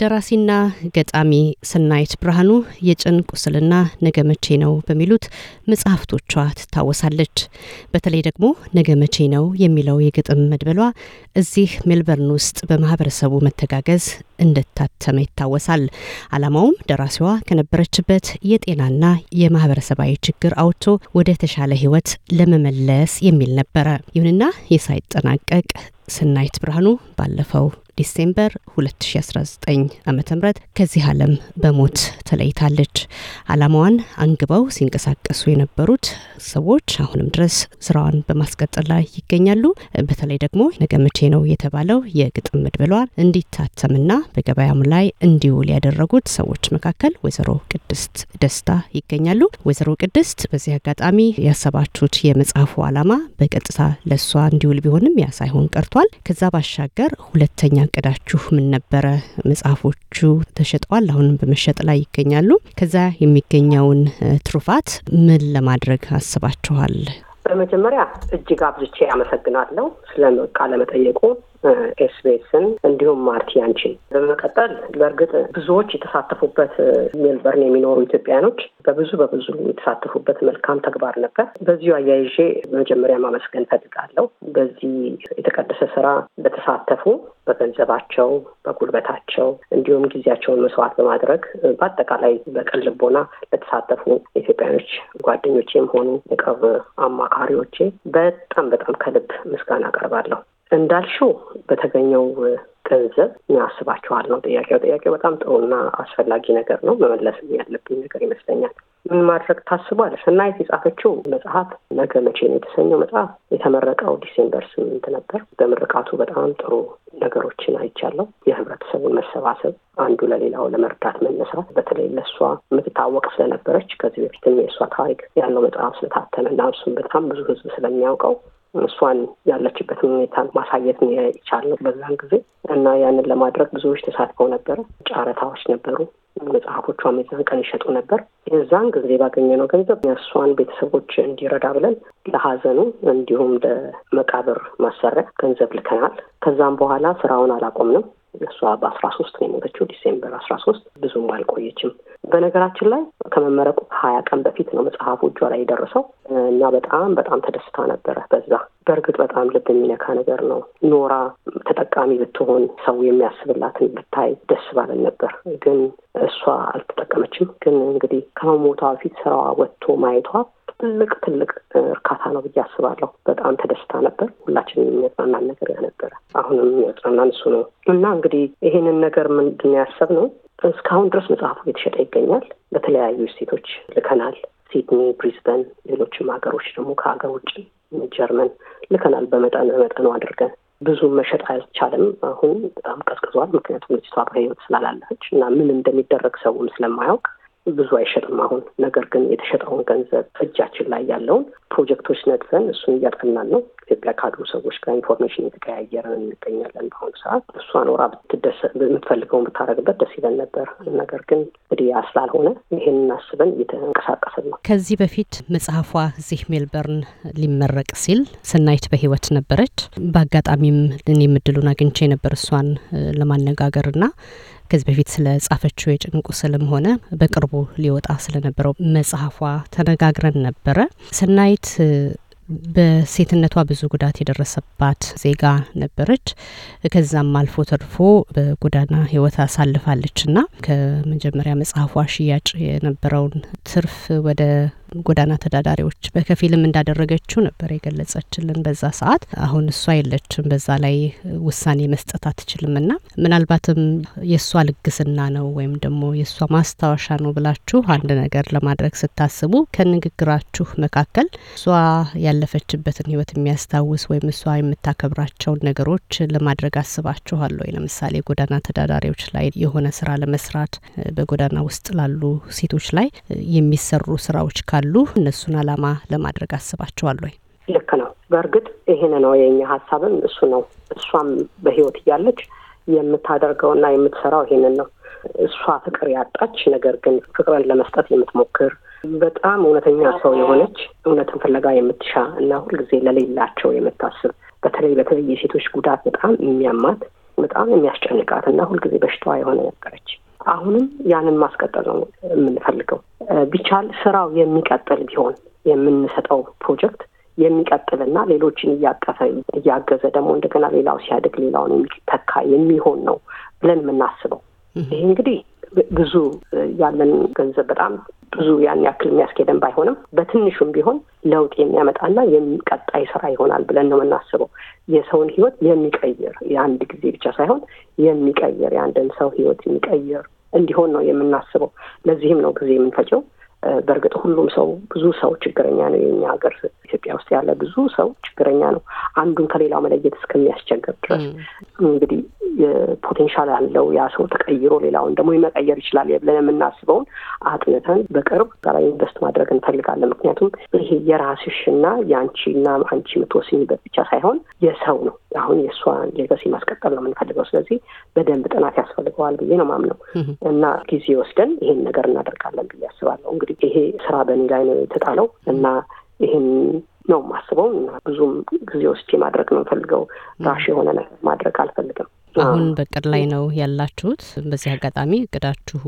ደራሲና ገጣሚ ስናይት ብርሃኑ የጭን ቁስልና ነገ መቼ ነው በሚሉት መጽሐፍቶቿ ትታወሳለች። በተለይ ደግሞ ነገ መቼ ነው የሚለው የግጥም መድበሏ እዚህ ሜልበርን ውስጥ በማህበረሰቡ መተጋገዝ እንደታተመ ይታወሳል። ዓላማውም ደራሲዋ ከነበረችበት የጤናና የማህበረሰባዊ ችግር አውጥቶ ወደ ተሻለ ህይወት ለመመለስ የሚል ነበረ። ይሁንና የሳይጠናቀቅ ስናይት ብርሃኑ ባለፈው ዲሴምበር 2019 ዓ ም ከዚህ ዓለም በሞት ተለይታለች። አላማዋን አንግበው ሲንቀሳቀሱ የነበሩት ሰዎች አሁንም ድረስ ስራዋን በማስቀጠል ላይ ይገኛሉ። በተለይ ደግሞ ነገመቼ ነው የተባለው የግጥም መድብሏ እንዲታተምና በገበያም ላይ እንዲውል ያደረጉት ሰዎች መካከል ወይዘሮ ቅድስት ደስታ ይገኛሉ። ወይዘሮ ቅድስት በዚህ አጋጣሚ ያሰባችሁት የመጽሐፉ ዓላማ በቀጥታ ለሷ እንዲውል ቢሆንም ያ ሳይሆን ቀርቷል። ከዛ ባሻገር ሁለተኛ እቅዳችሁ ምን ነበረ? መጽሐፎቹ ተሸጠዋል፣ አሁንም በመሸጥ ላይ ይገኛሉ። ከዛ የሚገኘውን ትሩፋት ምን ለማድረግ አስባችኋል? በመጀመሪያ እጅግ አብዝቼ አመሰግናለሁ ስለ ቃለ መጠየቁ። ኤስቤስን እንዲሁም ማርቲ አንቺን። በመቀጠል በእርግጥ ብዙዎች የተሳተፉበት ሜልበርን የሚኖሩ ኢትዮጵያኖች በብዙ በብዙ የተሳተፉበት መልካም ተግባር ነበር። በዚሁ አያይዤ መጀመሪያ ማመስገን ፈልጋለሁ። በዚህ የተቀደሰ ስራ በተሳተፉ በገንዘባቸው፣ በጉልበታቸው እንዲሁም ጊዜያቸውን መስዋዕት በማድረግ በአጠቃላይ በቅን ልቦና ለተሳተፉ ኢትዮጵያኖች ጓደኞቼም ሆኑ የቅርብ አማካሪዎቼ በጣም በጣም ከልብ ምስጋና አቀርባለሁ። እንዳልሽው በተገኘው ገንዘብ ያስባችኋል ነው ጥያቄው። ጥያቄው በጣም ጥሩና አስፈላጊ ነገር ነው። መመለስ ያለብኝ ነገር ይመስለኛል። ምን ማድረግ ታስቧል? ስናየት የጻፈችው መጽሐፍ ነገ መቼ ነው የተሰኘው መጽሐፍ የተመረቀው ዲሴምበር ስምንት ነበር። በምርቃቱ በጣም ጥሩ ነገሮችን አይቻለሁ። የህብረተሰቡን መሰባሰብ፣ አንዱ ለሌላው ለመርዳት መነሳት፣ በተለይ ለእሷ የምትታወቅ ስለነበረች ከዚህ በፊትም የእሷ ታሪክ ያለው መጽሐፍ ስለታተመና እሱም በጣም ብዙ ህዝብ ስለሚያውቀው እሷን ያለችበትን ሁኔታ ማሳየት ነው የቻልነው በዛን ጊዜ እና ያንን ለማድረግ ብዙዎች ተሳትፈው ነበረ። ጨረታዎች ነበሩ። መጽሐፎቿም የዛን ቀን ይሸጡ ነበር። የዛን ጊዜ ባገኘነው ገንዘብ የእሷን ቤተሰቦች እንዲረዳ ብለን ለሀዘኑ እንዲሁም ለመቃብር ማሰሪያ ገንዘብ ልከናል። ከዛም በኋላ ስራውን አላቆምንም። እሷ በአስራ ሶስት ነው የሞተችው ዲሴምበር አስራ ሶስት ብዙም አልቆየችም። በነገራችን ላይ ከመመረቁ ሀያ ቀን በፊት ነው መጽሐፉ እጇ ላይ የደረሰው እና በጣም በጣም ተደስታ ነበረ በዛ። በእርግጥ በጣም ልብ የሚነካ ነገር ነው። ኖራ ተጠቃሚ ብትሆን ሰው የሚያስብላትን ብታይ ደስ ባለን ነበር፣ ግን እሷ አልተጠቀመችም። ግን እንግዲህ ከመሞቷ በፊት ስራዋ ወጥቶ ማየቷ ትልቅ ትልቅ እርካታ ነው ብዬ አስባለሁ። በጣም ተደስታ ነበር። ሁላችን የሚያጽናናን ነገር ያ ነበረ። አሁንም የሚያጽናናን እሱ ነው እና እንግዲህ ይሄንን ነገር ምንድን ያሰብ ነው እስካሁን ድረስ መጽሐፉ እየተሸጠ ይገኛል። በተለያዩ ሴቶች ልከናል። ሲድኒ፣ ብሪዝበን፣ ሌሎችም ሀገሮች ደግሞ ከሀገር ውጭ ጀርመን ልከናል። በመጠን በመጠኑ አድርገን ብዙ መሸጥ አልቻለም። አሁን በጣም ቀዝቅዟል። ምክንያቱም ልጅቷ በህይወት ስላላለች እና ምን እንደሚደረግ ሰውም ስለማያውቅ ብዙ አይሸጥም አሁን። ነገር ግን የተሸጠውን ገንዘብ እጃችን ላይ ያለውን ፕሮጀክቶች ነድፈን እሱን እያጠናን ነው። ኢትዮጵያ ካሉ ሰዎች ጋር ኢንፎርሜሽን የተቀያየርን እንገኛለን። በአሁኑ ሰዓት እሷ ኖራ ብትደሰ- የምትፈልገውን ብታደርግበት ደስ ይለን ነበር። ነገር ግን እንግዲህ ስላልሆነ ይሄን አስበን እየተንቀሳቀስን ነው። ከዚህ በፊት መጽሐፏ እዚህ ሜልበርን ሊመረቅ ሲል ስናይት በህይወት ነበረች። በአጋጣሚም እኔም የምድሉን አግኝቼ ነበር እሷን ለማነጋገር ና ከዚህ በፊት ስለ ጻፈችው የጭንቁ ስልም ሆነ በቅርቡ ሊወጣ ስለነበረው መጽሐፏ ተነጋግረን ነበረ። ስናይት በሴትነቷ ብዙ ጉዳት የደረሰባት ዜጋ ነበረች። ከዛም አልፎ ተርፎ በጎዳና ህይወት አሳልፋለች ና ከመጀመሪያ መጽሐፏ ሽያጭ የነበረውን ትርፍ ወደ ጎዳና ተዳዳሪዎች በከፊልም እንዳደረገችው ነበር የገለጸችልን በዛ ሰዓት። አሁን እሷ የለችም፣ በዛ ላይ ውሳኔ መስጠት አትችልም ና ምናልባትም የእሷ ልግስና ነው ወይም ደግሞ የእሷ ማስታወሻ ነው ብላችሁ አንድ ነገር ለማድረግ ስታስቡ ከንግግራችሁ መካከል እሷ ያለፈችበትን ህይወት የሚያስታውስ ወይም እሷ የምታከብራቸውን ነገሮች ለማድረግ አስባችኋል ወይ? ለምሳሌ ጎዳና ተዳዳሪዎች ላይ የሆነ ስራ ለመስራት በጎዳና ውስጥ ላሉ ሴቶች ላይ የሚሰሩ ስራዎች ካሉ እነሱን አላማ ለማድረግ አስባቸዋል ወይ? ልክ ነው። በእርግጥ ይህን ነው የኛ ሀሳብም እሱ ነው። እሷም በህይወት እያለች የምታደርገውና የምትሰራው ይሄንን ነው። እሷ ፍቅር ያጣች ነገር ግን ፍቅርን ለመስጠት የምትሞክር በጣም እውነተኛ ሰው የሆነች እውነትን ፍለጋ የምትሻ እና ሁልጊዜ ለሌላቸው የምታስብ በተለይ በተለይ የሴቶች ጉዳት በጣም የሚያማት በጣም የሚያስጨንቃት እና ሁልጊዜ በሽታዋ የሆነ ነበረች። አሁንም ያንን ማስቀጠል ነው የምንፈልገው። ቢቻል ስራው የሚቀጥል ቢሆን የምንሰጠው ፕሮጀክት የሚቀጥልና ሌሎችን እያቀፈ እያገዘ ደግሞ እንደገና ሌላው ሲያድግ ሌላውን የሚተካ የሚሆን ነው ብለን የምናስበው ይሄ እንግዲህ ብዙ ያለን ገንዘብ በጣም ብዙ ያን ያክል የሚያስኬደን ባይሆንም በትንሹም ቢሆን ለውጥ የሚያመጣና ቀጣይ ስራ ይሆናል ብለን ነው የምናስበው። የሰውን ህይወት የሚቀይር የአንድ ጊዜ ብቻ ሳይሆን የሚቀይር የአንድን ሰው ህይወት የሚቀይር እንዲሆን ነው የምናስበው። ለዚህም ነው ጊዜ የምንፈጨው። በእርግጥ ሁሉም ሰው ብዙ ሰው ችግረኛ ነው የኛ ሀገር ኢትዮጵያ ውስጥ ያለ ብዙ ሰው ችግረኛ ነው። አንዱን ከሌላው መለየት እስከሚያስቸግር ድረስ እንግዲህ ፖቴንሻል ያለው ያ ሰው ተቀይሮ ሌላውን ደግሞ መቀየር ይችላል ብለን የምናስበውን አጥንተን በቅርብ ላይ ኢንቨስት ማድረግ እንፈልጋለን። ምክንያቱም ይሄ የራስሽና የአንቺና አንቺ የምትወስኝበት ብቻ ሳይሆን የሰው ነው። አሁን የእሷ ሌጋሲ ማስቀጠል ነው የምንፈልገው። ስለዚህ በደንብ ጥናት ያስፈልገዋል ብዬ ነው ማምነው እና ጊዜ ወስደን ይሄን ነገር እናደርጋለን ብዬ አስባለሁ። እንግዲህ ይሄ ስራ በእኔ ላይ ነው የተጣለው እና ይህን ነው ማስበው እና ብዙም ጊዜ ውስጥ ማድረግ ነው ፈልገው ራሽ የሆነ ነገር ማድረግ አልፈልግም። አሁን በቅድ ላይ ነው ያላችሁት። በዚህ አጋጣሚ እቅዳችሁ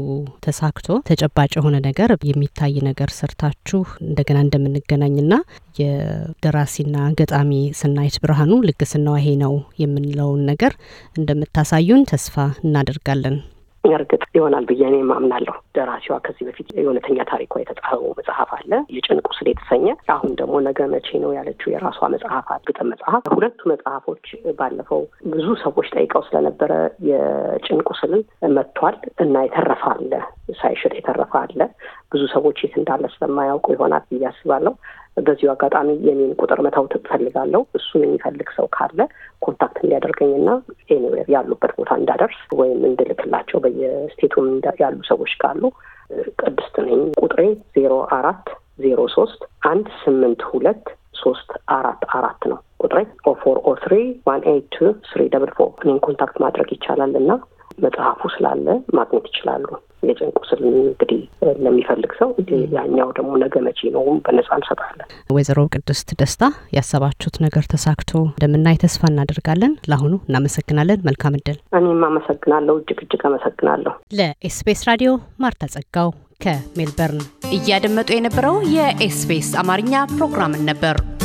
ተሳክቶ ተጨባጭ የሆነ ነገር የሚታይ ነገር ሰርታችሁ እንደገና እንደምንገናኝና የደራሲና ገጣሚ ስናይት ብርሃኑ ልግስናዋ ይሄ ነው የምንለውን ነገር እንደምታሳዩን ተስፋ እናደርጋለን። እርግጥ ይሆናል ብዬ እኔ ማምናለሁ። ደራሲዋ ከዚህ በፊት የእውነተኛ ታሪኳ የተጻፈው መጽሐፍ አለ የጭን ቁስል የተሰኘ አሁን ደግሞ ነገ መቼ ነው ያለችው የራሷ መጽሐፍ ግጥም መጽሐፍ። ሁለቱ መጽሐፎች ባለፈው ብዙ ሰዎች ጠይቀው ስለነበረ የጭን ቁስልን መጥቷል እና የተረፈ አለ ሳይሸጥ የተረፈ አለ። ብዙ ሰዎች የት እንዳለ ስለማያውቁ ይሆናል ብዬ አስባለሁ። በዚሁ አጋጣሚ የኔን ቁጥር መተው ትፈልጋለሁ። እሱን የሚፈልግ ሰው ካለ ኮንታክት እንዲያደርገኝና ኤኒዌር ያሉበት ቦታ እንዳደርስ ወይም እንድልክላቸው በየስቴቱም ያሉ ሰዎች ካሉ ቅድስት ነኝ። ቁጥሬ ዜሮ አራት ዜሮ ሶስት አንድ ስምንት ሁለት ሶስት አራት አራት ነው ቁጥሬ ኦ ፎር ኦ ትሪ ዋን ኤይት ቱ ስሪ ደብል ፎር እኔን ኮንታክት ማድረግ ይቻላል እና መጽሐፉ ስላለ ማግኘት ይችላሉ። የጭንቁ ስል እንግዲህ ለሚፈልግ ሰው ያኛው ደግሞ ነገ መቼ ነው በነጻ እንሰጣለን። ወይዘሮ ቅድስት ደስታ ያሰባችሁት ነገር ተሳክቶ እንደምናይ ተስፋ እናደርጋለን። ለአሁኑ እናመሰግናለን። መልካም እድል። እኔም አመሰግናለሁ። እጅግ እጅግ አመሰግናለሁ። ለኤስቢኤስ ራዲዮ ማርታ ጸጋው ከሜልበርን እያደመጡ የነበረው የኤስቢኤስ አማርኛ ፕሮግራምን ነበር።